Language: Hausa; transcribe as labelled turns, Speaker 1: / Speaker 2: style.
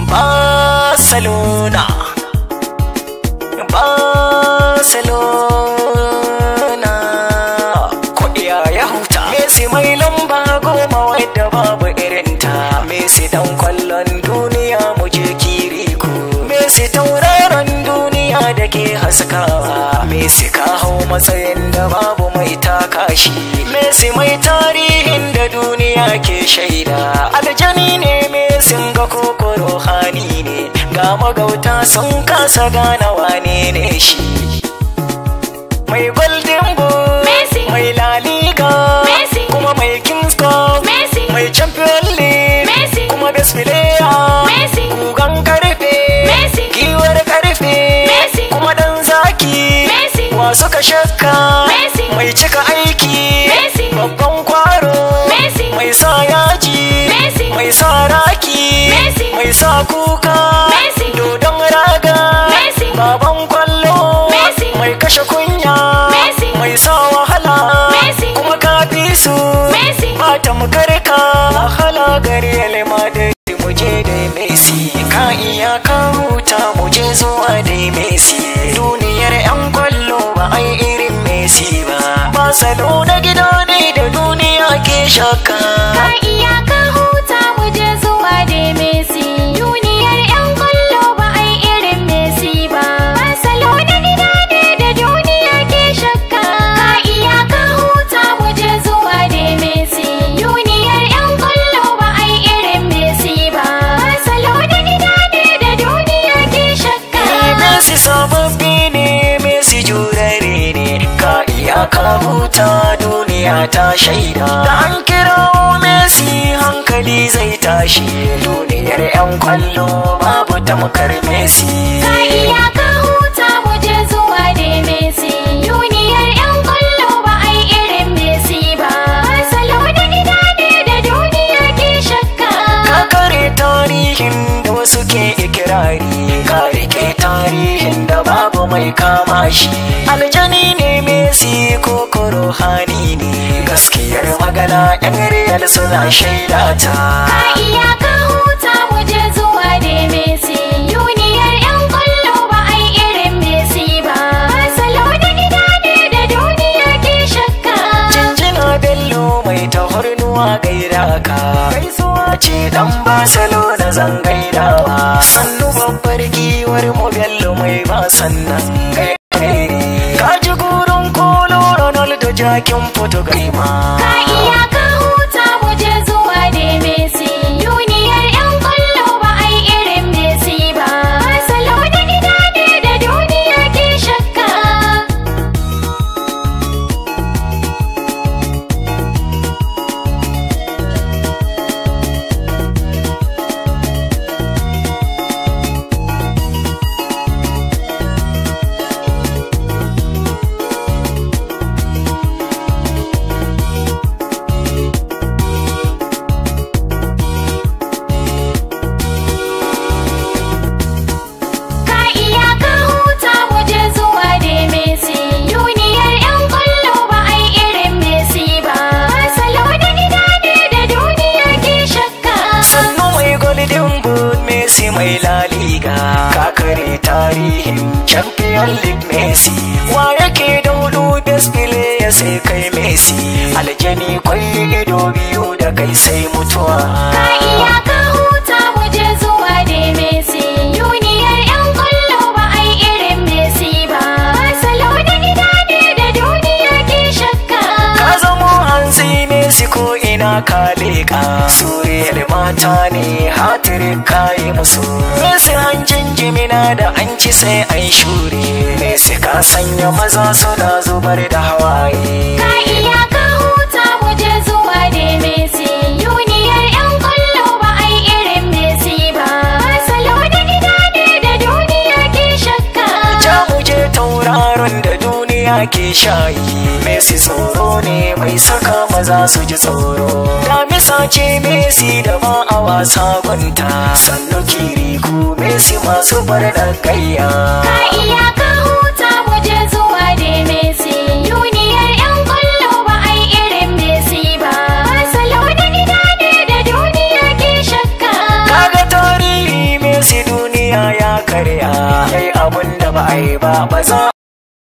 Speaker 1: Barcelona Barcelona Kodiya ya huta Messi mai lamba goma wadda babu irinta Messi dan kwallon duniya mu je kiriko Messi tauraron duniya da ke haskawa Messi ka hau matsayin da babu mai takashi Messi mai tarihin da duniya ke shaida magauta sun kasa gana wane ne shi mai golden boy mai laliga kuma mai kings cup mai champion league kuma best player Kugan karfe giwar karfe kuma dan zaki wasu ka shakka mai cika aiki babban kwaro mai sa yaji mai sa raki mai sa kuka kashe kunya mai sa wahala kuma ka fi su mata mu karka hala gari alima da muje da mesi ka iya ka huta muje zuwa da messi duniyar yan kwallo ba ai irin mesi ba na gida ne da duniya ke shaka duniya ta shaida da an kirawo Messi hankali zai tashi duniyar 'yan kwallo babu tamkar Messi. Ka iya ka
Speaker 2: huta waje zuwa ne Messi duniyar 'yan kwallo ba ai irin
Speaker 1: Messi ba. Barcelona gida ne da duniya ke shakka. Ka kare tarihin da wasu ke ikirari ka rike tarihin da babu mai kama shi. Aljani magana yan riyal suna shaida ta ka iya ka
Speaker 2: huta waje zuwa
Speaker 1: da mesi duniyar yan kwallo ba ai irin mesi ba barcelona gida ne da duniya ke shakka jinjina bello mai tahurnuwa hornuwa gaira ka gaisuwa ce dan barcelona zan ba. sannu babbar giwar mu bello mai ba sannan gaira foto jakin foto ka iya kawo champion league messi wa yake daulu best player sai kai messi aljani kwai ido biyu da kai sai mutuwa ka iya ka
Speaker 2: huta waje zuwa da messi duniyar yan kullo ba a yi irin
Speaker 1: messi ba barcelona gida ne da duniya ke shakka ka zamo hansi messi ko ina ka leƙa suriyar mata ne har tsere kayi musu sai hancin jimina da an ci sai ai shuri sai ka sanya maza suna zubar da hawaye ka iya ake shayi Messi tsoro ne mai saka maza su ji tsoro Damisa ce Messi da ba a wasa kwanta Sannu kiriku Messi masu bar da Ka iya
Speaker 2: ka huta waje zuwa da Messi Yuniyar 'yan kwallo ba a
Speaker 1: yi irin Messi ba Barcelona gida ne da duniya ke shakka Kaga tarihi Messi duniya ya karya Kai abun da ba
Speaker 2: a yi ba ba za